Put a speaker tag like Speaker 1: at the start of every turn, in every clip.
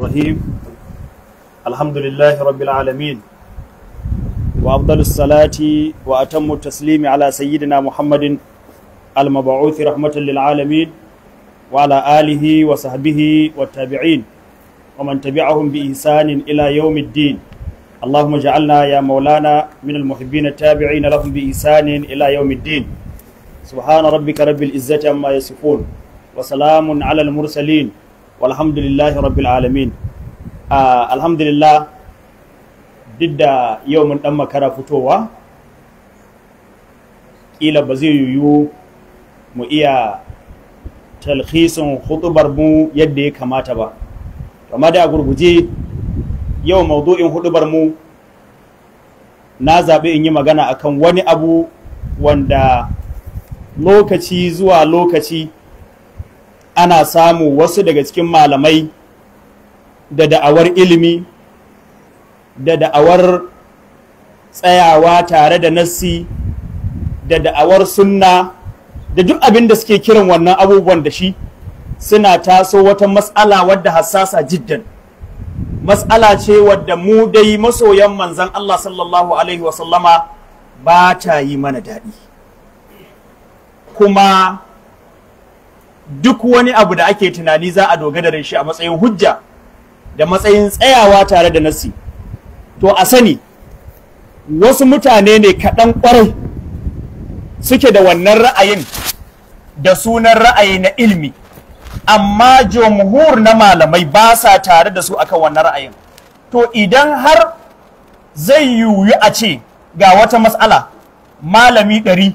Speaker 1: الرحيم الحمد لله رب العالمين وأفضل الصلاة وأتم التسليم على سيدنا محمد المبعوث رحمة للعالمين وعلى آله وصحبه والتابعين ومن تبعهم بإحسان إلى يوم الدين اللهم اجعلنا يا مولانا من المحبين التابعين لهم بإحسان إلى يوم الدين سبحان ربك رب العزة عما يصفون وسلام على المرسلين walhamdulillahi rabbil alamin alhamdulillah duk da yau mun dan makara fitowa kila ba zai yiwu mu iya talhisin hudubar mu yadda ya kamata ba amma da gurguje yau maudu'in hudubar mu na zaɓi in yi magana akan wani abu wanda lokaci zuwa lokaci ana samu wasu daga cikin malamai da da'awar ilimi da da'awar tsayawa tare da nassi da da'awar sunna da duk abin da suke kiran wannan abubuwan da shi suna taso wata matsala wadda hassasa jiddan matsala ce wadda mu dai masoyan manzan Allah sallallahu alaihi wasallama ba ta yi mana daɗi kuma duk wani abu da ake tunani za a dogara da shi a matsayin hujja da matsayin tsayawa tare da nasi to a sani wasu mutane ne kaɗan ƙwarai suke da wannan ra'ayin da sunan ra'ayi na ilmi amma jomhur na malamai ba sa tare da su akan wannan ra'ayin to idan har zai yiwu a ce ga wata matsala malami ɗari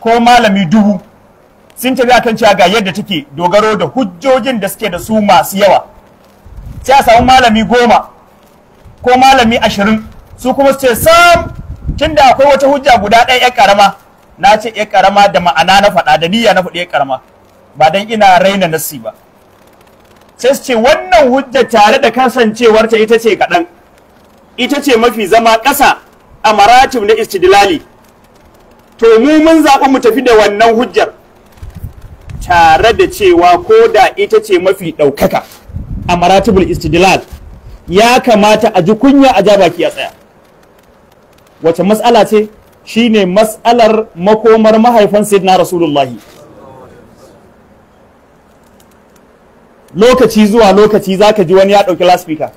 Speaker 1: ko malami dubu sun tafi akan cewa ga yadda take dogaro da hujjojin da suke da su masu yawa sai a samu malami goma ko malami ashirin su kuma su ce sam tunda akwai wata hujja guda ɗaya ya karama na ce ya karama da ma'ana na faɗa da niyya na faɗi ya karama ba dan ina raina nasi ba sai su ce wannan hujja tare da kasancewarta ita ce kaɗan ita ce mafi zama ƙasa a maratib na istidlali to mu mun zaɓi mu tafi da wannan hujjar tare da cewa ko da ita ce mafi ɗaukaka a maratibul istidlal ya kamata a ji kunya a ja baki a tsaya wace matsala ce shine matsalar makomar mahaifan sayyidina rasulullahi lokaci zuwa lokaci za ka ji wani ya ɗauki laspika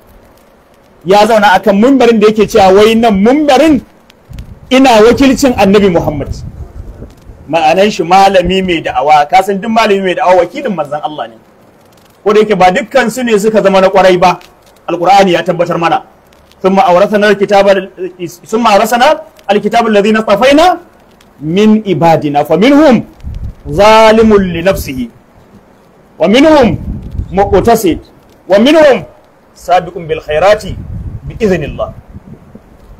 Speaker 1: ya zauna akan mumbarin da yake cewa wai nan mumbarin ina wakilcin annabi muhammad ma'anan shi malami mai da'awa ka san duk malami mai da'awa wakilin manzon Allah ne ko da yake ba dukkan su ne suka zama na kwarai ba alqur'ani ya tabbatar mana thumma awrasana alkitaba thumma awrasana alkitaba safaina min ibadina fa minhum zalimun li nafsihi wa minhum muqtasid wa minhum sabiqun bil khairati bi idhnillah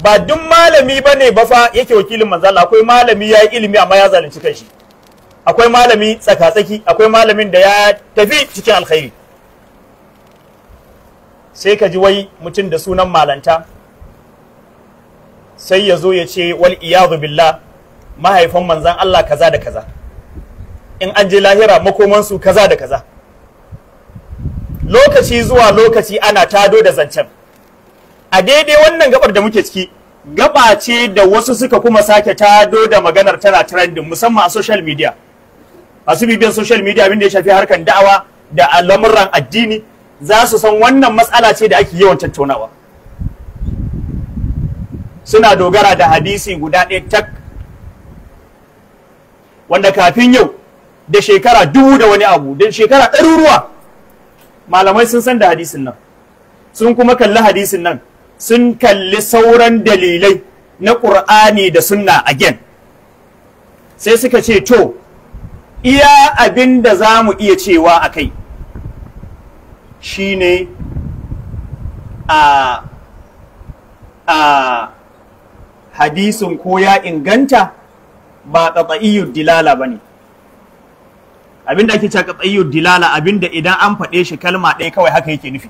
Speaker 1: ba duk malami ba ne ba fa yake wakilin manzo Allah akwai malami ya yi ilimi amma ya zalunci kanshi akwai malami tsaka-tsaki akwai malamin da ya tafi cikin alkhairi sai ka ji wai mutum da sunan malanta sai ya zo ya ce wal iyadu billah mahaifan manzan Allah kaza da kaza in an je lahira makoman su kaza da kaza lokaci zuwa lokaci ana tado da zancen a daidai wannan gabar da muke ciki gaba ce da wasu suka kuma sake tado da maganar tana trending musamman a social media masu bibiyan social media abinda ya shafi harkar da'awa da al'amuran addini za su san wannan matsala ce da ake yawan tattaunawa suna dogara da hadisi guda ɗaya tak wanda kafin yau da shekara dubu da wani abu da shekara ɗaruruwa malamai sun san da hadisin nan sun kuma kalli hadisin nan sun kalli sauran dalilai na ƙur'ani da sunna again sai suka ce to iya abin da za mu iya cewa a kai shi ne a hadisun ko ya inganta ba ƙaƙa'iyyar dilala ba ne abin da ake ce ƙaƙa'iyyar dilala abin da idan an faɗe shi kalma ɗaya kawai haka yake nufi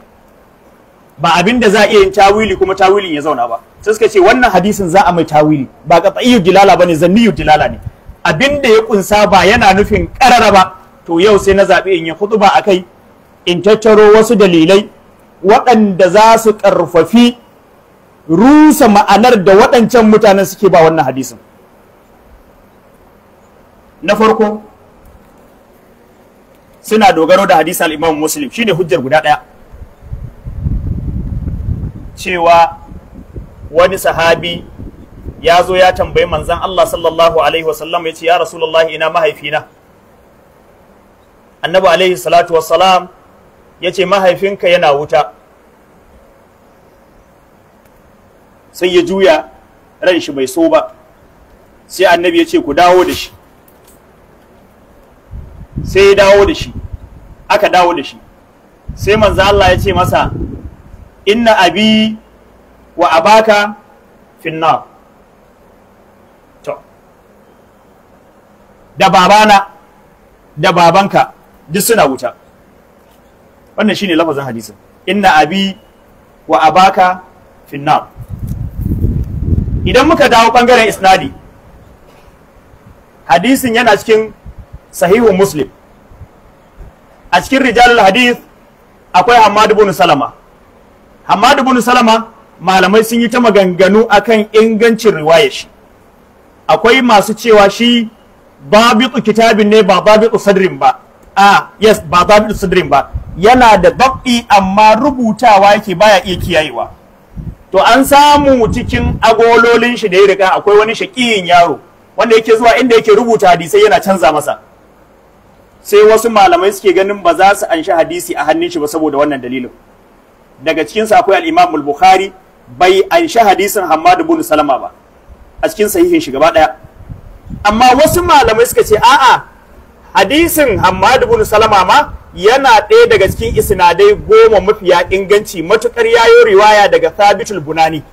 Speaker 1: ba abin da za a iya yin tawili kuma tawilin ya zauna ba sai suka ce wannan hadisin za a mai tawili ba tsayi dilala bane zanni dilala ne abin da ya kunsa ba yana nufin karara ba to yau sai na zabi in yi khutba akai in tattaro wasu dalilai waɗanda za su ƙarfafi rusa ma'anar da waɗancan mutanen suke ba wannan hadisin na farko suna dogaro da hadisa al-imam muslim shine hujjar guda ɗaya cewa wani sahabi ya zo ya tambayi manzan Allah sallallahu alaihi wasallam ya ce ya rasulullahi ina mahaifina annabi alaihi salatu wasalam ya ce mahaifinka yana wuta sai ya juya ran shi bai so ba sai annabi ya ce ku dawo da shi sai ya dawo da shi aka dawo da shi sai manzan Allah ya ce masa inna abi wa abaka finna to da babana da babanka duk suna wuta wannan shine lafazin hadisin inna abi wa abaka finna. idan muka dawo bangaren isnadi hadisin yana cikin sahihu muslim a cikin rijalul hadith akwai hamad ibn salama Amma da bunu Salama malamai sun yi ta maganganu akan ingancin riwaya shi akwai masu cewa shi babitu kitabin ne ba babitu sadrin ba a yes ba babitu sadrin ba yana da bab'i amma rubutawa yake baya iya kiyayewa to an samu cikin agololin shi da ya riga akwai wani shaƙiyin yaro wanda yake zuwa inda yake rubuta hadisai yana canza masa sai wasu malamai suke ganin ba za su anshi hadisi a hannun shi ba saboda wannan dalilin daga cikin sa akwai al-Imam al-Bukhari bai an sha hadisin Hammad ibn Salama ba a cikin sahihin shi gaba daya amma wasu malamai suka ce a'a hadisin Hammad ibn Salama ma yana ɗaya daga cikin isnadai goma mafiya inganci matukar yayo riwaya daga Thabitul Bunani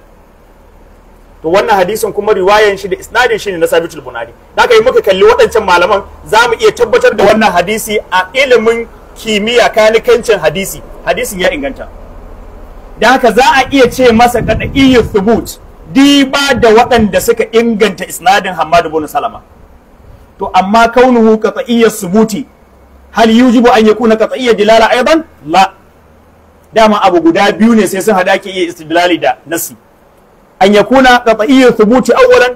Speaker 1: to wannan hadisin kuma riwayan shi da isnadin shi ne na Sabitul Bunani da haka muka kalli waɗancan malaman za mu iya tabbatar da wannan hadisi a ilimin kimiyya kanikancin hadisi hadisin ya inganta da haka za a iya ce masa kada iya thubut diba da waɗanda suka inganta isnadin hamadu bin Salama to amma kaunuhu qat'iyyat subuti hal yujibu an yakuna qat'iyyat dilala aidan la dama abu guda biyu ne sai sun hada ke iya istidlali da nasi an yakuna qat'iyyat subuti awwalan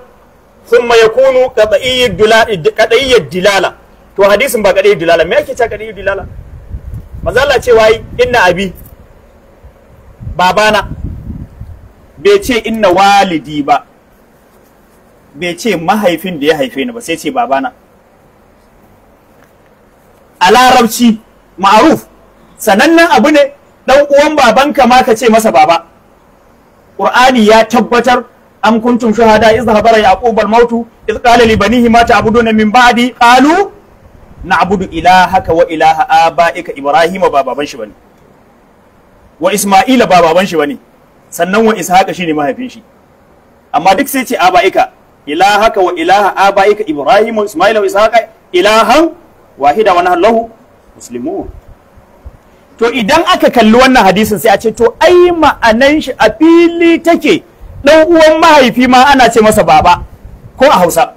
Speaker 1: thumma yakunu qat'iyyat dilala qat'iyyat dilala to hadisin ba qat'iyyat dilala me yake ta qat'iyyat dilala manzo Allah cewa inna abi babana bai ce inna walidi ba bai ce mahaifin da ya haife ni ba sai ce babana a larabci ma'aruf sanannen abu ne dan uwan babanka ma ka ce masa baba qur'ani ya tabbatar am kuntum shuhada iz habara yaqub al mautu iz qala li banihi ma ta'buduna min ba'di qalu na'budu ilaha wa ilaha abaika ibrahima ba baban shi bane wa Isma'ila ba baban shi bane sannan wa Ishaqa shine mahaifin shi amma duk sai ce aba'ika ilahaka wa ilaha aba'ika Ibrahim wa Isma'ila wa Ishaqa ilahan wahida wa nahlahu muslimun to idan aka kalli wannan hadisin sai a ce to ai ma'anan shi a fili take dan uwan mahaifi ma ana ce masa baba ko a Hausa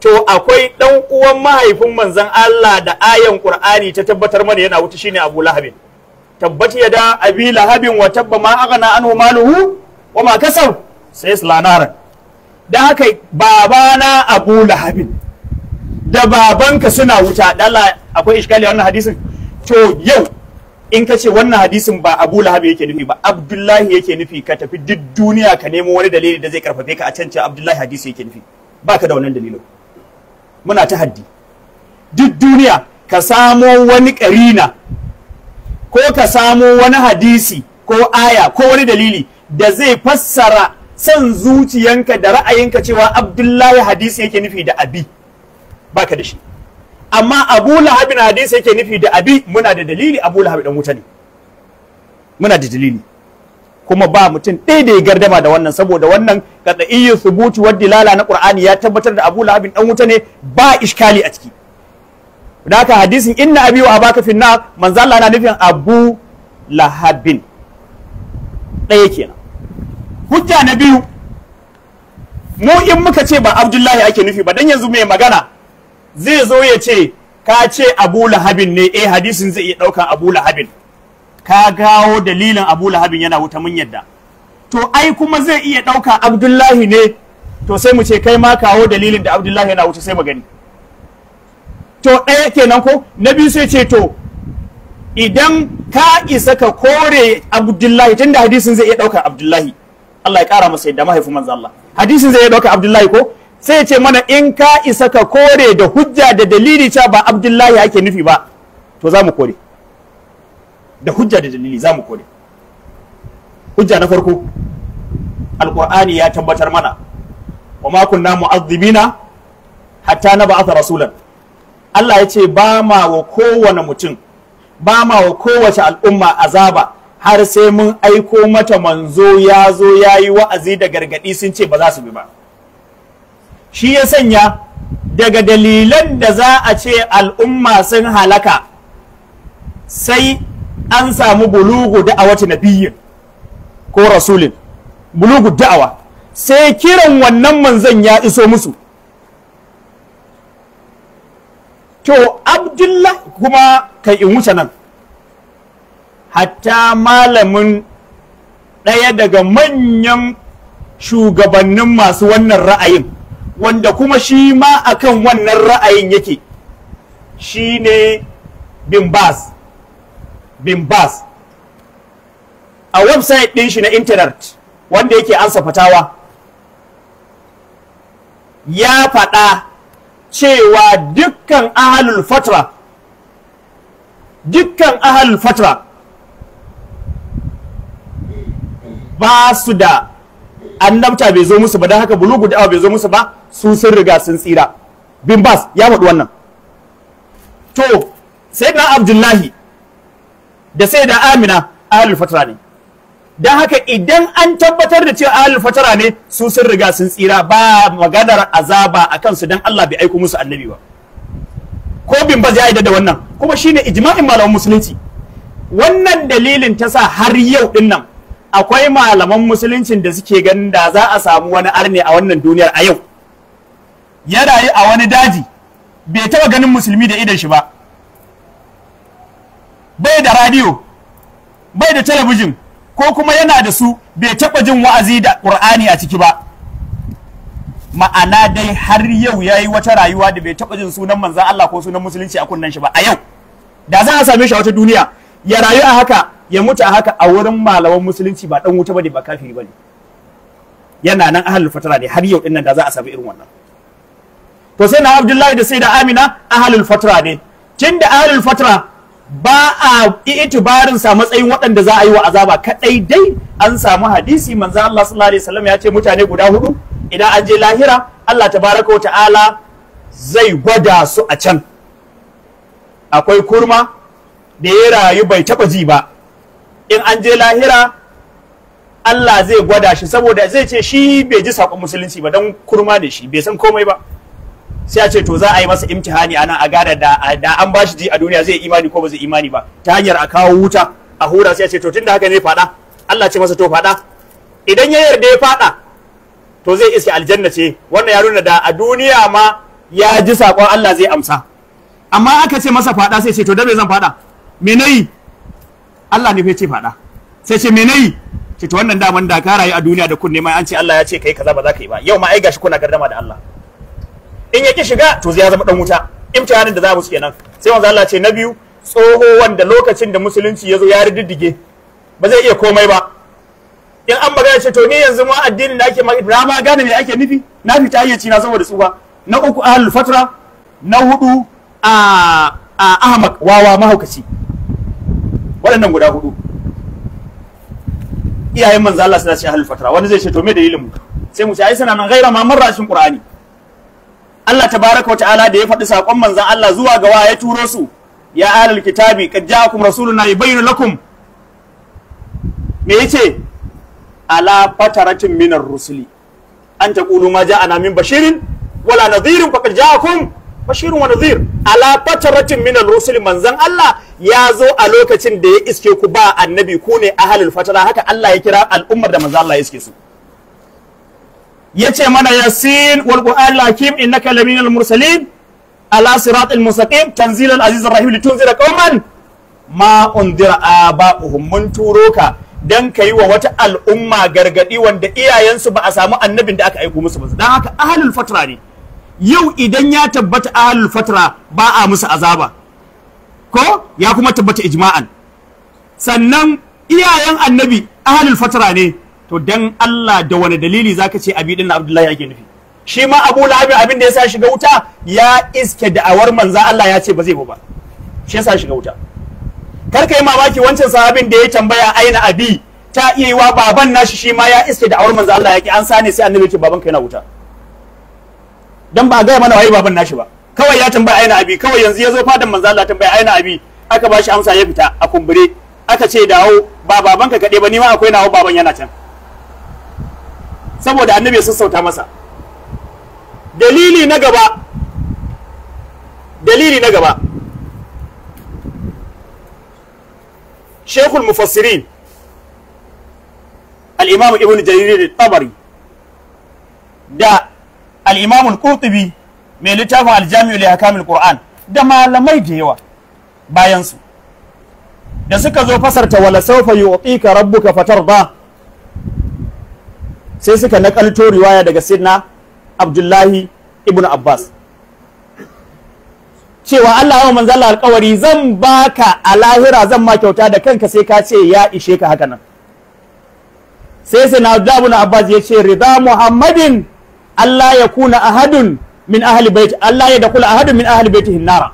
Speaker 1: to akwai dan uwan mahaifin manzon Allah da ayan Qur'ani ta tabbatar mana yana wuta shine Abu Lahabin tabbat yada abi lahabin wa tabba ma aghna anhu maluhu wa ma kasab sai slanaran da haka babana abu lahabin da babanka suna wuta dala akwai iskali wannan hadisin to yau in ka ce wannan hadisin ba abu lahab yake nufi ba abdullahi yake nufi ka tafi duk duniya ka nemo wani dalili da zai karfafe ka a can ce abdullahi hadisi yake nufi ba da wannan dalilin muna ta haddi duk duniya ka samo wani karina ko ka samo wani hadisi ko aya ko wani dalili da zai fassara son zuciyanka da ra'ayinka cewa abdullahi hadisi yake nufi da abi baka da shi amma abu lahabin hadisi yake nufi da abi muna da dalili abu lahabin dan wuta ne muna da dalili kuma ba mutum ɗaya da ya gardama da wannan saboda wannan kaɗa iya subuti wadda lala na qur'ani ya tabbatar da abu lahabin dan wuta ne ba iskali a ciki da haka hadisin inna abi wa abaka fi nar manzo Allah na nufin Abu Lahabin ɗaya kenan hujja na biyu mu in muka ce ba Abdullahi ake nufi ba dan yanzu mai magana zai zo ya ce ka ce Abu Lahabin ne eh hadisin zai iya ɗaukan Abu Lahabin ka gawo dalilin Abu Lahabin yana wuta mun yadda to ai kuma zai iya ɗauka Abdullahi ne to sai mu ce kai ma kawo dalilin da Abdullahi yana wuta sai mu gani to ɗaya kenan ko na biyu sai ce to idan ka isa ka kore abdullahi da hadisin zai iya ɗaukar abdullahi Allah ya ƙara masa yadda mahaifin manzo Allah hadisin zai iya ɗaukar abdullahi ko sai ce mana in ka isa ka kore da hujja da dalili cewa ba abdullahi ake nufi ba to za mu kore da hujja da dalili za mu kore hujja na farko Alƙur'ani ya tabbatar mana wa ma kunna mu'adhibina hatta nab'atha rasulan Allah ya ce ba ma wa kowane mutum ba ma wa kowace al'umma azaba har sai mun aiko mata manzo ya zo ya yi wa'azi da gargaɗi sun ce ba za su bi ba shi ya sanya daga dalilan da za a ce al'umma sun halaka sai an samu bulugu na nabiyyin ko rasulin bulugu da'awa sai kiran wannan manzon ya iso musu to abdullahi kuma kai in wuce nan hatta malamin ɗaya daga manyan shugabannin masu wannan ra'ayin wanda kuma shi ma akan wannan ra'ayin yake shi ne Bimbas. bimbas a website ɗin shi na intanet wanda yake an fatawa ya faɗa cewa dukkan ahalul fatra dukkan ahalul fatra ba su da annabta bai zo musu ba don haka bulugu da'awa bai zo musu ba su sun riga sun tsira bin bas ya faɗi wannan to sai da abdullahi da sai da amina ahalul fatra ne don haka idan an tabbatar da cewa ahlul fatara ne su sun riga sun tsira ba maganar azaba a kansu don Allah bai aiko musu annabi ba ko bin ba zai da wannan kuma shine ijma'in malaman musulunci wannan dalilin ta sa har yau din nan akwai malaman musuluncin da suke ganin da za a samu wani arne a wannan duniyar a yau ya rayu a wani daji bai taɓa ganin musulmi da idan shi ba bai da radio, bai da talabijin ko kuma yana da su bai taɓa jin wa'azi da ƙur'ani a ciki ba ma'ana dai har yau ya yi wata rayuwa da bai taɓa jin sunan manzan Allah ko sunan musulunci a kunnen shi ba a yau da za a same shi a wata duniya ya rayu a haka ya mutu a haka a wurin malaman musulunci ba dan wuta bane ba kafiri bane yana nan ahlul fatara ne har yau dinnan da za a samu irin wannan to sai na Abdullahi da sai da Amina ahlul fatara ne tunda ahlul fatara ba a itibarin sa matsayin waɗanda za a yi wa azaba kaɗai dai an samu hadisi manzo Allah sallallahu alaihi wasallam ya ce mutane guda hudu idan an je lahira Allah tabaraka wa ta'ala zai gwada su a can akwai kurma da ya rayu bai taba ji ba in an je lahira Allah zai gwada shi saboda zai ce shi bai ji sakon musulunci ba don kurma da shi bai san komai ba sai a ce to za a yi masa imtihani a nan a gada da an ba bashi ji a duniya zai imani ko ba zai imani ba ta hanyar a kawo wuta a hura sai a ce to tunda haka ne faɗa Allah ce masa to faɗa idan ya yarda ya faɗa to zai iske aljanna ce wannan ya nuna da a duniya ma ya ji saƙon Allah zai amsa amma aka ce masa faɗa sai ce to da me zan faɗa me nayi Allah ne fa ce faɗa sai ce me nayi ce to wannan daman da ka rayu a duniya da kunne mai an ce Allah ya ce kai kaza ba za ka yi ba yau ma ai gashi kuna gardama da Allah in yake shiga to ya zama dan wuta imtihanin da za mu kenan sai manzo Allah ce na biyu tsoho wanda lokacin da musulunci ya zo ya riddige ba zai iya komai ba in an magana ce to ni yanzu mu addini da ake ma Ibrahim gane me ake nufi na fita hayyaci na saboda tsuwa. na uku ahlul fatra na hudu a a ahmak wawa mahaukaci waɗannan guda hudu iyayen manzo Allah suna ce ahlul fatra wani zai ce to me dalilin mu sai mu ce ai sana nan ghaira ma marra qur'ani Allah tabaraka wa ta'ala da ya faɗi saƙon manzan Allah zuwa ga ya turo su ya ahlul kitabi qad ja'akum rasuluna yubayyinu lakum me yace ala fataratin minar rusuli an taqulu ma ja'ana min bashirin wala nadhirin faqad ja'akum bashirun wa nadhir ala fataratin minar rusuli manzan Allah ya zo a lokacin da ya iske ku ba annabi ku ne ahlul fatara haka Allah ya kira al'ummar da manzan Allah ya iske su Ya ce mana yasin wal qur'an lakim innaka laminal mursalin ala siratil mustaqim tanzil al rahim litunzira qauman ma undira aba'uhum mun turo ka dan kai wa wata al'umma gargadi wanda iyayensu ba a samu annabin da aka aiko musu ba dan haka ahlul fatra ne yau idan ya tabbata ahlul fatra ba a musu azaba ko ya kuma tabbata ijma'an sannan iyayen annabi ahlul fatra ne to dan Allah da wani dalili zaka ce abi din Abdullahi yake nufi shi ma Abu Lahab abin da sa shiga wuta ya iske da'awar manzo Allah ya ce ba zai ba shi yasa shiga wuta kar kai mamaki wancan sahabin da ya tambaya aina abi ta iya yiwa baban nashi shi ma ya iske da'awar manzo Allah yake an ne sai annabi ce baban kai na wuta dan ba ga mana waye baban nashi ba kawai ya tambaya aina abi kawai yanzu ya zo fadan manzo Allah tambaya aina abi aka bashi amsa ya fita a kumbure aka ce dawo ba babanka kaɗai ba ni ma akwai nawa baban yana can saboda annabi ya sassauta masa dalili na gaba dalili na gaba shekul mufassirin al'imam ibn tabari da al'imam qurtubi mai littafin aljami'ul hakamin qur'an da malamai da yawa bayansu da suka zo fasarta wala saufa ka rabbuka ba. sai suka nakalto riwaya daga sirna abdullahi ibn abbas
Speaker 2: cewa Allah wa manzala alkawari zan
Speaker 1: baka a lahira zan ma kyauta da kanka sai ka ce ya ishe ka haka nan sai sai na Abdullahi Abbas ya ce rida Muhammadin Allah ya kuna ahadun min ahli bait Allah ya dakula ahadun min ahli baitihin nara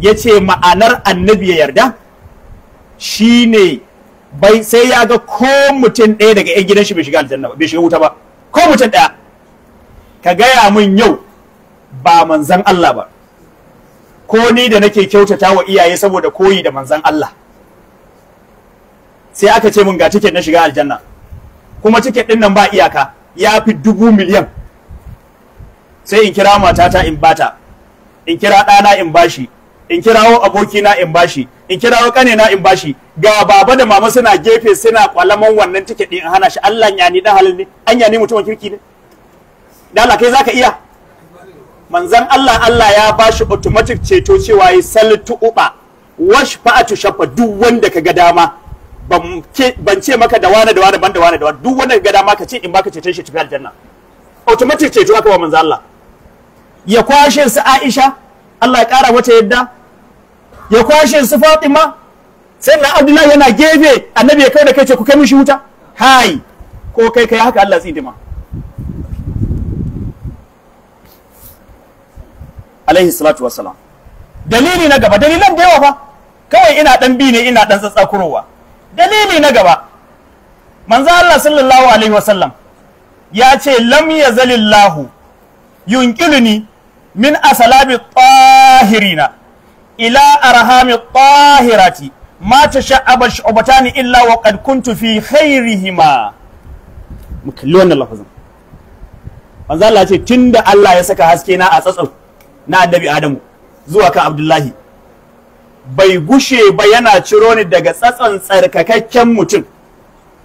Speaker 1: yace ma'anar annabi ya yarda shine bai sai ya ga ko mutum ɗaya daga 'yan gidan shi bai shiga aljanna ba bai shiga wuta ba ko mutum ɗaya ka gaya min yau ba manzan Allah ba ko ni da nake kyautata wa iyaye saboda koyi da manzan Allah sai aka ce min ga tiket na shiga aljanna kuma tiket ɗin nan ba iyaka ya fi dubu miliyan sai in kira matata in bata in kira ɗana in bashi in kirawo abokina in bashi in kira wa kane na in bashi ga baba da mama suna gefe suna kwalaman wannan ticket din hana shi Allah ya ni dan halin ne an ya ni mutum kirki ne da Allah kai zaka iya manzan Allah Allah ya bashi automatic ceto cewa yi saltu uba fa'atu shafa duk wanda kaga dama ban ce maka da wani da wani ban da wani da wani duk wanda kaga dama ka ce in baka ceton shi tafi aljanna automatic ceto aka wa manzan Allah ya kwashe su Aisha Allah ya kara mata yadda ya kwashe su fatima sai na abdullahi yana gefe annabi ya kai da kai ce ku kai mishi wuta hai ko kai kai haka allah tsidima alaihi salatu wassalam dalili na gaba dalilan da yawa fa kawai ina dan bi ne ina dan tsatsakurowa dalili na gaba manzo Allah sallallahu alaihi wasallam ya ce lam yazalillahu yunqilni min asalabi tahirina ila arhami tahirati ma tasha'aba shu'batani illa wa qad kuntu fi khairihima mu kalli wannan lafazin manzo Allah ce tunda Allah ya saka haske na a tsatsau na annabi Adamu zuwa kan Abdullahi bai gushe ba yana ciro ni daga tsatsan tsarkakakken mutum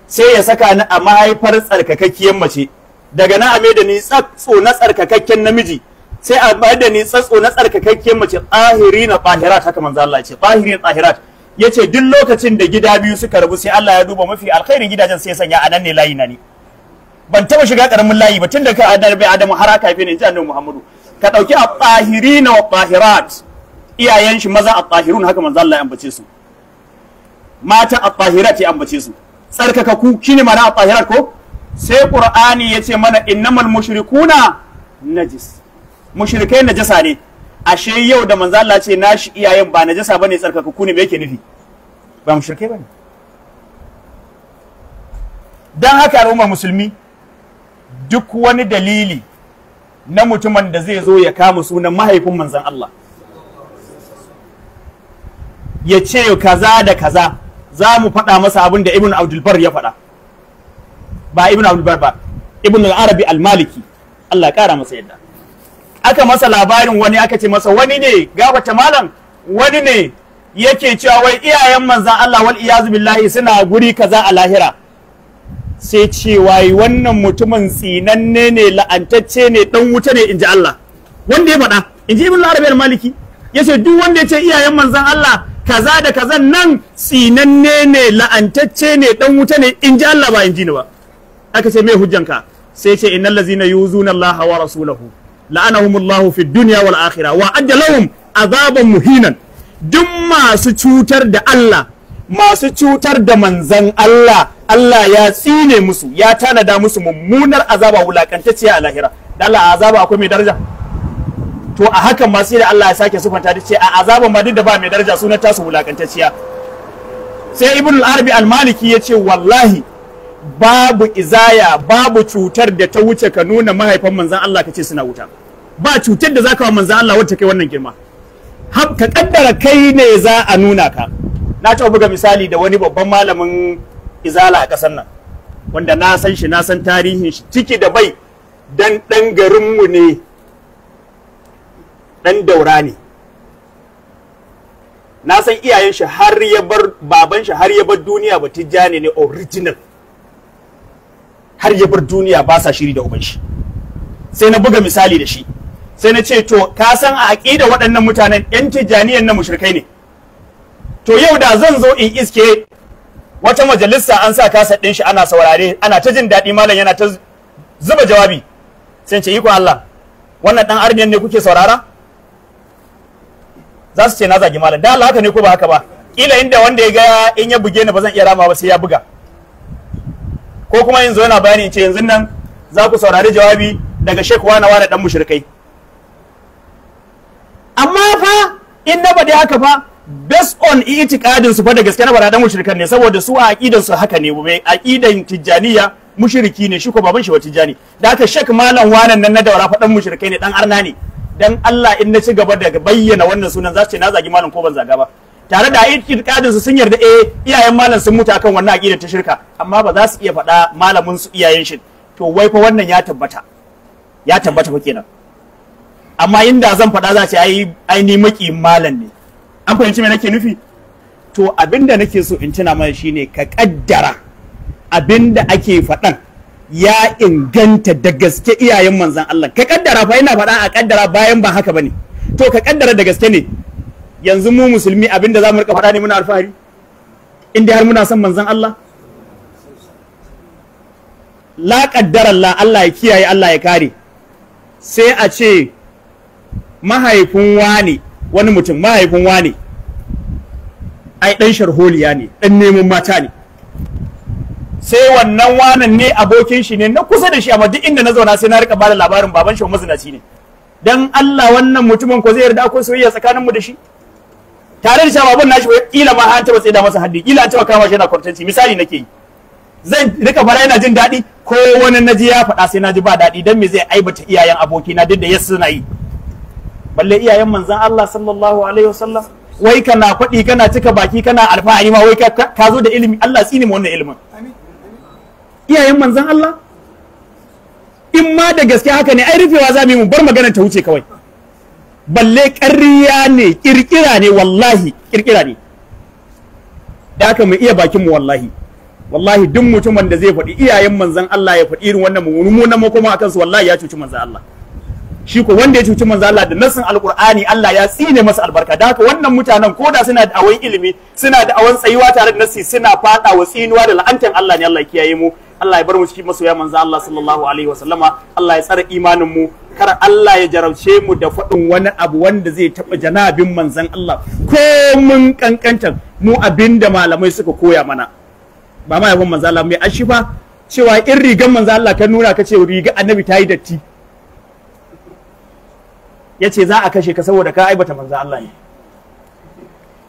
Speaker 1: sai ya saka ni a mahaifar tsarkakakkiyar mace daga na ame da ni tsatso na tsarkakakken namiji sai a bayar da ni tsatso na tsarkakakken mace tsahiri na tsahirat haka manzo Allah ya ce tsahiri na tsahirat ce duk lokacin da gida biyu suka rabu sai Allah ya duba mafi alkhairin gidajen sai ya sanya a nan ne layi na ni ban taba shiga karamin layi ba tun da ka bai Adamu har aka haife ni ji annabi Muhammadu ka dauki a tsahiri na tsahirat iyayen shi maza a tsahirun haka manzo Allah ya ambace su mata a tsahirat ya ambace su tsarkakaku shine mana a tsahirat ko sai qur'ani yace mana innamal mushrikuna najis mushrikai najasa ne ashe yau da manzo ce nashi iyayen ba najasa bane tsarkakakku ne me yake nufi ba mushrikai bane dan haka al'umma musulmi duk wani dalili na mutumin da zai zo ya kama sunan mahaifin manzan Allah ya ce kaza da kaza za mu faɗa masa abin da ibn abdulbar ya faɗa ba ibn abdulbar ba ibn al-arabi al-maliki Allah ƙara masa yadda aka masa labarin wani aka ce masa wani ne Gafata malam wani ne yake cewa wai iyayen manzan Allah wal iyazu billahi suna guri kaza a lahira sai cewa wannan mutumin tsinanne ne la'antacce ne dan wuta ne inji Allah wanda ya faɗa inji ibn al-Hadib arabi al-maliki yace duk wanda yace iyayen manzan Allah kaza da kaza nan tsinanne ne la'antacce ne dan wuta ne inji Allah ba inji ni ba aka ce me hujjanka sai ce innal ladzina yuzuna Allah wa rasulahu Allah fid dunya wal akhirah wa ajalahum azaban muhinan duk masu cutar da Allah masu cutar da manzan Allah Allah ya tsine musu ya tanada musu mummunar azaba wulakantacciya a lahira da Allah azaba akwai mai daraja to a hakan ma sai da Allah ya sake sufanta da ce a azaba ma duk da ba mai daraja sunan tasu wulakantacciya sai ibn al-arabi al-maliki ya ce wallahi babu izaya babu cutar da ta wuce ka nuna mahaifan manzan Allah ka ce suna wuta ba cutar da zaka wa manzo Allah wacce kai wannan girma har ka kaddara kai ne za a nuna ka na taɓa buga misali da wani babban malamin izala a ƙasar nan wanda na san shi na san tarihin shi ciki da bai dan dan garinmu ne ɗan daura ne na san iyayen shi har ya bar baban shi har ya bar duniya ba tijjani ne original har ya bar duniya ba sa shiri da uban shi sai na buga misali da shi sai na ce to ka san a aƙida waɗannan mutanen yan tijaniyan na mushrikai ne to yau da zan zo in iske wata majalisa an sa kasa ɗin shi ana saurare ana ta jin daɗi malam yana ta zuba jawabi sai ce iko Allah wannan ɗan arniyan ne kuke saurara za su ce na zagi malam da Allah haka ne ko ba haka ba kila inda wanda ya ga in ya buge ni ba zan iya rama ba sai ya buga ko kuma yanzu yana bayani ce yanzu nan za ku saurari jawabi daga Sheikh Wana Wana ɗan mushrikai amma fa in na bade haka fa based on itikadin su fa da gaske na dan mushrikan ne saboda su a aqidan su haka ne mai aqidan tijaniya mushriki ne shi ko baban shi wa tijani da haka shek malam wanan nan na daura fa dan mushrikai ne dan arna ne dan Allah in na ci gaba da bayyana wannan sunan za su ce na zagi malam ko ban zaga ba tare da itikadin su sun yarda eh iyayen malam sun mutu akan wannan aqida ta shirka amma ba za su iya faɗa malamin su iyayen shi to wai fa wannan ya tabbata ya tabbata fa kenan amma inda zan faɗa za ce ai ni maki malam ne an fahimci me nake nufi to abinda nake so in tuna mana shine ka kaddara abinda ake faɗan ya inganta da gaske iyayen manzan Allah ka kaddara fa ina faɗa a kaddara bayan ba haka bane to ka kaddara da gaske ne yanzu mu musulmi abinda za mu rika faɗa ne muna alfahari in har muna son manzan Allah la kaddara Allah Allah ya kiyaye Allah ya kare sai a ce mahaifin wane wani mutum mahaifin wane ai dan sharholiya ne dan neman mata ne sai wannan wanan ne abokin shi ne na kusa da shi amma duk inda na zauna sai na rika bada labarin baban shi mazinaci ne dan Allah wannan mutumin ko zai yarda akwai soyayya tsakanin mu da shi tare da cewa baban nashi kila ma an taba da masa haddi kila an taba kama shi yana kwartanci misali nake yi zan rika fara yana jin daɗi ko wani naji ya faɗa sai naji ba daɗi dan me zai aibata iyayen abokina duk da yassu suna yi balle iyayen manzan Allah sallallahu alaihi wasallam wai kana faɗi kana cika baki kana alfahari ma wai ka zo da ilimi Allah tsini ma wannan ilimin iyayen manzan Allah in ma da gaske haka ne ai rufewa za mu yi mu bar maganar ta wuce kawai balle ƙarriya ne ƙirƙira ne wallahi ƙirƙira ne da aka mu iya bakin mu wallahi wallahi duk mutumin da zai faɗi iyayen manzan Allah ya faɗi irin wannan mummunan makoma akan su wallahi ya cuci manzan Allah shi ko wanda ya cuci manzo Allah da nassin alqur'ani Allah ya tsine masa albarka da haka wannan mutanen koda suna da awan ilimi suna da awan tsayuwa tare da nassi suna fada wa tsinuwa da la'antan Allah ne Allah ya kiyaye mu Allah ya bar mu cikin masoya manzo Allah sallallahu alaihi wa sallama Allah ya tsare imanin mu kar Allah ya jarabce mu da fadin wani abu wanda zai taɓa janabin manzon Allah ko mun kankanta mu abinda malamai suka koya mana ba ma yabon manzo Allah mai ashifa cewa in rigan manzo Allah ka nuna ka ce riga annabi ta yi datti ya ce za a kashe ka saboda ka aibata manzo Allah ne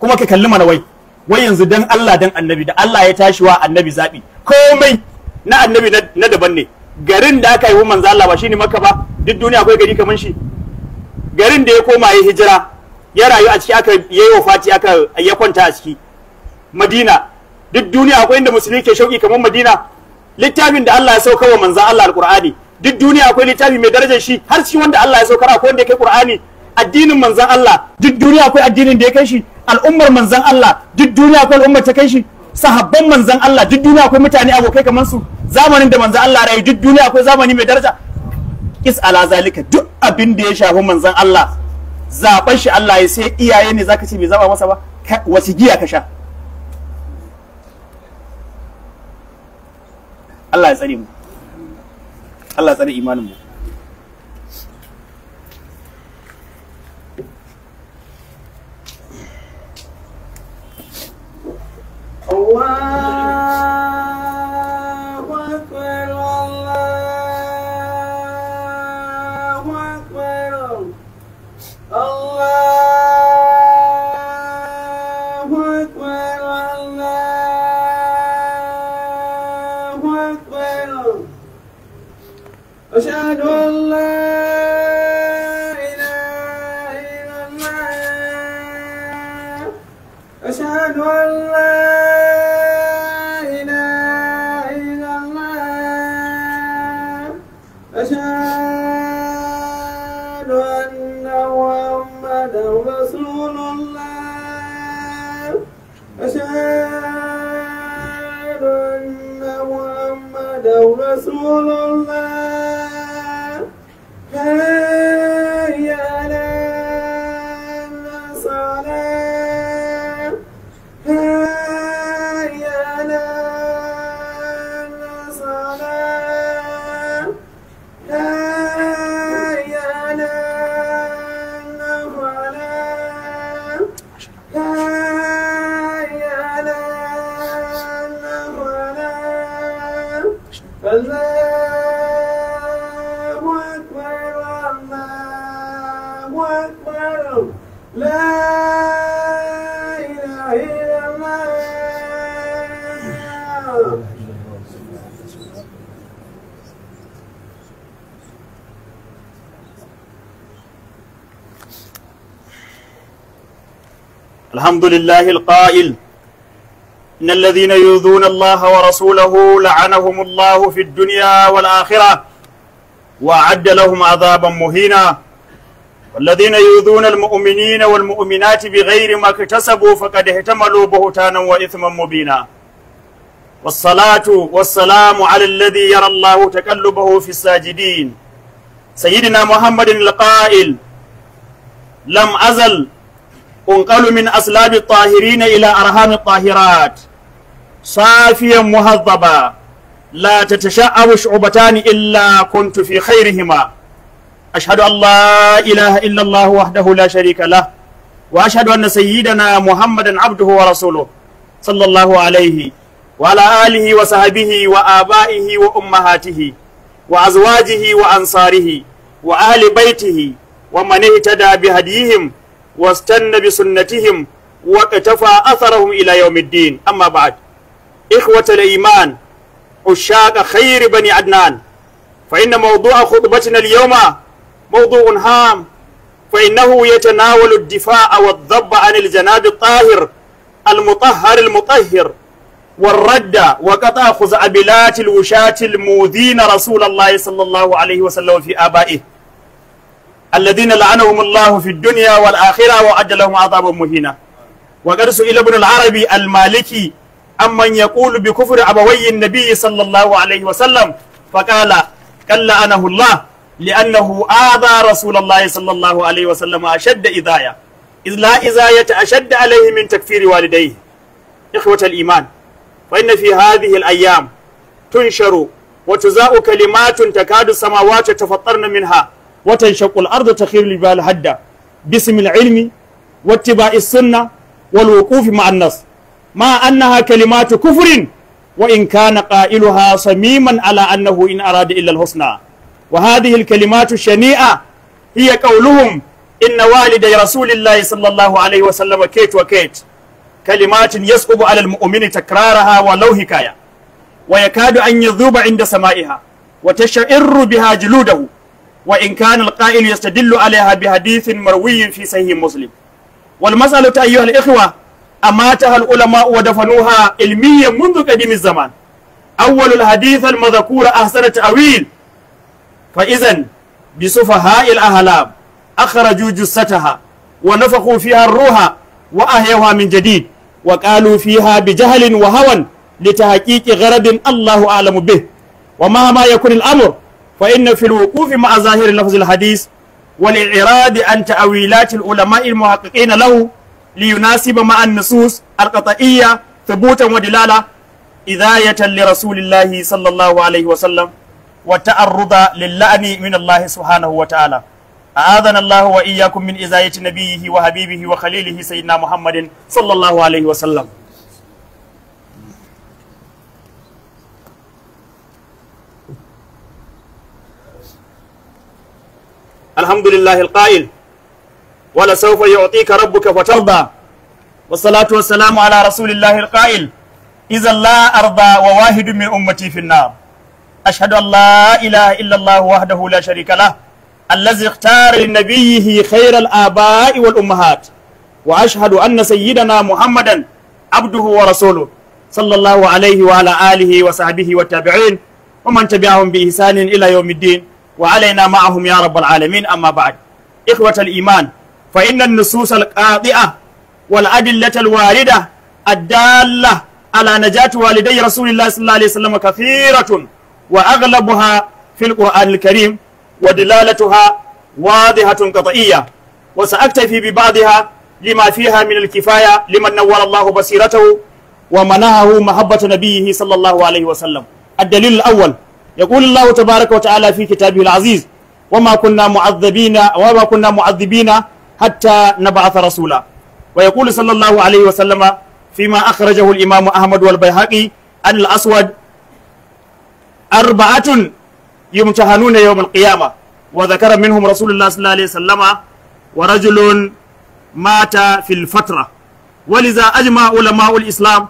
Speaker 1: kuma ka kalli mana wai wai yanzu dan Allah dan annabi da Allah ya tashi wa annabi zabi komai na annabi na daban ne garin da aka yi wa manzo Allah ba shine Makka ba duk duniya akwai gari kaman shi garin da ya koma ya hijira ya rayu a ciki aka yi wa Fati aka ya kwanta a ciki Madina duk duniya akwai inda musulmi ke shauki kamar Madina littafin da Allah ya sauka wa manzo Allah alqur'ani duk duniya akwai littafi mai darajar shi har shi wanda Allah ya saukar akwai wanda ya kai Qur'ani addinin manzon Allah duk duniya akwai addinin da ya kai shi al'ummar manzon Allah duk duniya akwai al'ummar ta kai shi sahabban manzon Allah duk duniya akwai mutane abokai kamar su zamanin da manzon Allah rayu duk duniya akwai zamani mai daraja is ala zalika duk abin da ya shafi manzon Allah zaben shi Allah ya sai iyaye ne zaka ce bai zaba masa ba wasu giya ka sha Allah ya tsare mu Allah tsare imanin mu
Speaker 2: Allah أشهد أن محمدا رسول الله
Speaker 1: الحمد لله القائل إن الذين يؤذون الله ورسوله لعنهم الله في الدنيا والآخرة وأعد لهم عذابا مهينا والذين يؤذون المؤمنين والمؤمنات بغير ما اكتسبوا فقد احتملوا بهتانا وإثما مبينا والصلاة والسلام على الذي يرى الله تكلبه في الساجدين سيدنا محمد القائل لم أزل kunkalu min aslabi tahirina ila arhami tahirat safiyan muhazzaba la tatasha'abu shu'batani illa kuntu fi khairihima ashhadu an la wahdahu la sharika lah wa ashhadu anna sayyidana muhammadan abduhu wa rasuluh sallallahu alayhi wa ala alihi wa sahabihi wa abaihi wa ummahatihi wa azwajihi wa ansarihi wa ahli baitihi wa man ihtada bi hadihim واستن بسنتهم واقتفى أثرهم إلى يوم الدين أما بعد إخوة الإيمان عشاق خير بني عدنان فإن موضوع خطبتنا اليوم موضوع هام فإنه يتناول الدفاع والضب عن الجناب الطاهر المطهر المطهر والرد وقطع خزعبلات الوشاة المؤذين رسول الله صلى الله عليه وسلم في آبائه الذين لعنهم الله في الدنيا والآخرة وأجلهم لهم عذابا مهينا وقد سئل ابن العربي المالكي أمن يقول بكفر أبوي النبي صلى الله عليه وسلم فقال قل لعنه الله لأنه آذى رسول الله صلى الله عليه وسلم أشد إذاية إذ لا إذاية أشد عليه من تكفير والديه إخوة الإيمان فإن في هذه الأيام تنشر وتزاء كلمات تكاد السماوات تفطرن منها وتنشق الأرض تخير الجبال هدا باسم العلم واتباع السنة والوقوف مع النص ما أنها كلمات كفر وإن كان قائلها صميما على أنه إن أراد إلا الحسنى وهذه الكلمات الشنيئة هي قولهم إن والدي رسول الله صلى الله عليه وسلم كيت وكيت كلمات يصعب على المؤمن تكرارها ولو حكاية ويكاد أن يذوب عند سمائها وتشعر بها جلوده wa in kana alqa'il yastadillu alaiha bi hadithin marwiyin fi sahih muslim wal mas'alatu ayyuha al-ikhwa amataha al-ulama wa dafanuha ilmiyan منذ قديم الزمان أول الحديث المذكور أحسن تأويل فإذا بسفهاء الأهلام أخرجوا جثتها ونفخوا فيها الروح وأهيوها من جديد وقالوا فيها بجهل وهوى لتحقيق غرض الله أعلم به ومهما يكون الأمر فإن في الوقوف مع ظاهر لفظ الحديث والإعراض عن تأويلات العلماء المحققين له ليناسب مع النصوص القطعية ثبوتا ودلالة إذاية لرسول الله صلى الله عليه وسلم وتعرض للعن من الله سبحانه وتعالى أعاذنا الله وإياكم من إذاية نبيه وحبيبه وخليله سيدنا محمد صلى الله عليه وسلم الحمد لله القائل ولسوف يعطيك ربك فترضى والصلاة والسلام على رسول الله القائل إذا لا أرضى وواحد من أمتي في النار أشهد أن لا إله إلا الله وحده لا شريك له الذي اختار لنبيه خير الآباء والأمهات وأشهد أن سيدنا محمدا عبده ورسوله صلى الله عليه وعلى آله وصحبه والتابعين ومن تبعهم بإحسان إلى يوم الدين وعلينا معهم يا رب العالمين أما بعد إخوة الإيمان فإن النصوص القاطعة والأدلة الواردة الدالة على نجاة والدي رسول الله صلى الله عليه وسلم كثيرة وأغلبها في القرآن الكريم ودلالتها واضحة قطعية وسأكتفي ببعضها لما فيها من الكفاية لمن نور الله بصيرته ومنحه محبة نبيه صلى الله عليه وسلم الدليل الأول يقول الله تبارك وتعالى في كتابه العزيز وما كنا معذبين وما كنا معذبين حتى نبعث رسولا ويقول صلى الله عليه وسلم فيما أخرجه الإمام أحمد والبيهقي عن الأسود أربعة يمتحنون يوم القيامة وذكر منهم رسول الله صلى الله عليه وسلم ورجل مات في الفترة ولذا أجمع علماء الإسلام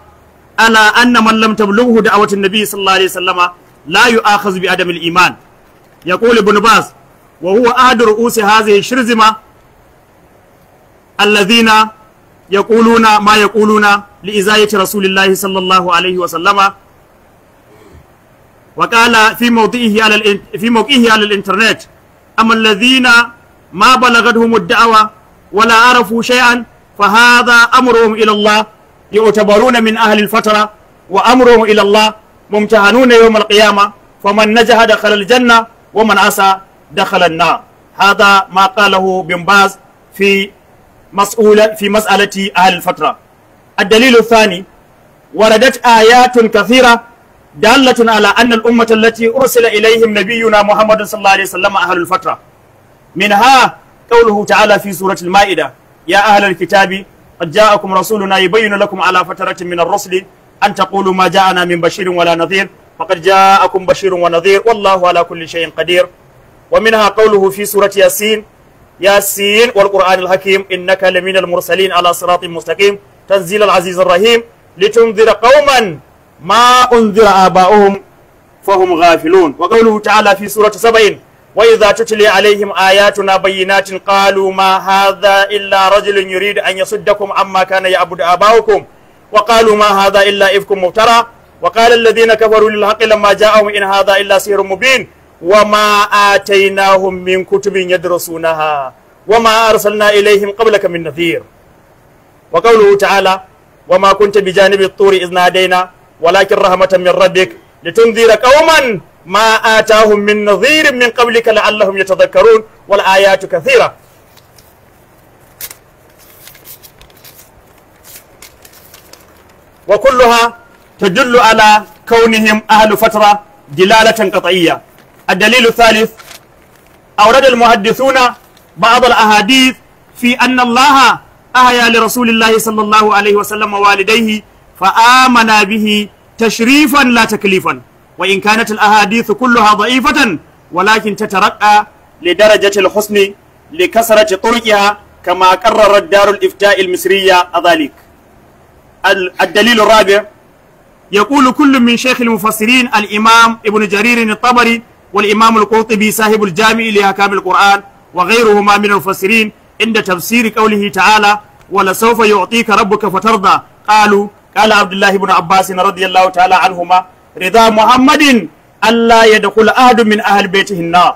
Speaker 1: على أن من لم تبلغه دعوة النبي صلى الله عليه وسلم لا يؤاخذ بعدم الإيمان يقول ابن باز وهو أحد رؤوس هذه الشرزمة الذين يقولون ما يقولون لإزاية رسول الله صلى الله عليه وسلم وقال في موضعه على في موقعه على الإنترنت أما الذين ما بلغتهم الدعوة ولا عرفوا شيئا فهذا أمرهم إلى الله يعتبرون من أهل الفترة وأمرهم إلى الله ممتحنون يوم القيامة فمن نجح دخل الجنة ومن عصى دخل النار هذا ما قاله بن باز في مسؤولة في مسألة أهل الفترة الدليل الثاني وردت آيات كثيرة دالة على أن الأمة التي أرسل إليهم نبينا محمد صلى الله عليه وسلم أهل الفترة منها قوله تعالى في سورة المائدة يا أهل الكتاب قد جاءكم رسولنا يبين لكم على فترة من الرسل أن تقولوا ما جاءنا من بشير ولا نذير فقد جاءكم بشير ونذير والله على كل شيء قدير ومنها قوله في سورة ياسين ياسين والقرآن الحكيم إنك لمن المرسلين على صراط مستقيم تنزيل العزيز الرحيم لتنذر قوما ما أنذر آباؤهم فهم غافلون وقوله تعالى في سورة سبعين وإذا تتلي عليهم آياتنا بينات قالوا ما هذا إلا رجل يريد أن يصدكم عما كان يعبد آباؤكم وقالوا ما هذا إلا إفك مفترى وقال الذين كفروا للحق لما جاءهم إن هذا إلا سحر مبين وما آتيناهم من كتب يدرسونها وما أرسلنا إليهم قبلك من نذير وقوله تعالى وما كنت بجانب الطور إذ نادينا ولكن رحمة من ربك لتنذر قوما ما آتاهم من نذير من قبلك لعلهم يتذكرون والآيات كثيرة وكلها تدل على كونهم أهل فترة دلالة قطعية الدليل الثالث أورد المحدثون بعض الأحاديث في أن الله أهيا لرسول الله صلى الله عليه وسلم والديه فآمنا به تشريفا لا تكليفا وإن كانت الأحاديث كلها ضعيفة ولكن تترقى لدرجة الحسن لكسرة طرقها كما قرر الدار الإفتاء المصرية ذلك الدليل الرابع يقول كل من شيخ المفسرين الإمام ابن جرير الطبري والإمام القرطبي صاحب الجامع لأحكام القرآن وغيرهما من المفسرين عند تفسير قوله تعالى ولسوف يعطيك ربك فترضى قالوا قال عبد الله بن عباس رضي الله تعالى عنهما رضا محمد ألا يدخل أحد من أهل بيته النار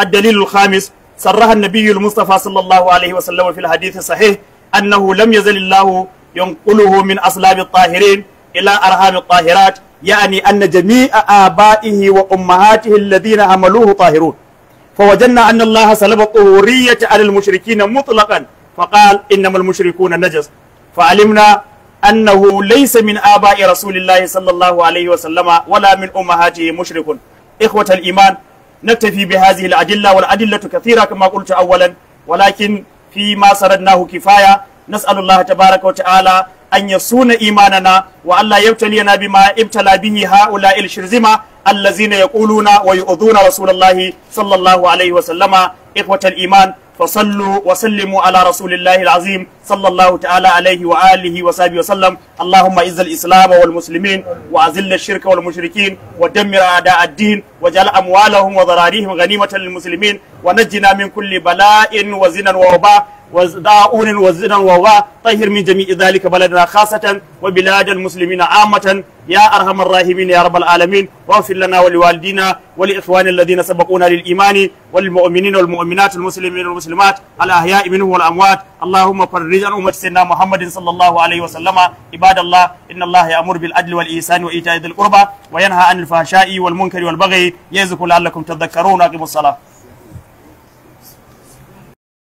Speaker 1: الدليل الخامس صرح النبي المصطفى صلى الله عليه وسلم في الحديث الصحيح أنه لم يزل الله ينقله من أصلاب الطاهرين إلى أرهاب الطاهرات يعني أن جميع آبائه وأمهاته الذين عملوه طاهرون فوجدنا أن الله سلب الطهورية على المشركين مطلقا فقال إنما المشركون نجس فعلمنا أنه ليس من آباء رسول الله صلى الله عليه وسلم ولا من أمهاته مشرك إخوة الإيمان نكتفي بهذه الأدلة والأدلة كثيرة كما قلت أولا ولكن فيما سردناه كفاية نسأل الله تبارك وتعالى أن يصون إيماننا وألا يبتلينا بما ابتلى به هؤلاء الشرذمة الذين يقولون ويؤذون رسول الله صلى الله عليه وسلم إخوة الإيمان فصلوا وسلموا على رسول الله العظيم صلى الله تعالى عليه وآله وصحبه وسلم اللهم إز الإسلام والمسلمين وأذل الشرك والمشركين ودمر أعداء الدين وجعل أموالهم وضراريهم غنيمة للمسلمين ونجنا من كل بلاء وزنا ووباء ودعاء وزنا ووا طهر من جميع ذلك بلدنا خاصة وبلاد المسلمين عامة يا أرحم الراحمين يا رب العالمين واغفر لنا ولوالدينا ولإخوان الذين سبقونا للإيمان والمؤمنين والمؤمنات المسلمين والمسلمات الأحياء منهم والأموات اللهم فرج عن أمة سيدنا محمد صلى الله عليه وسلم عباد الله إن الله يأمر بالعدل والإحسان وإيتاء ذي القربى وينهى عن الفحشاء والمنكر والبغي يعظكم لعلكم تذكرون أقيموا الصلاة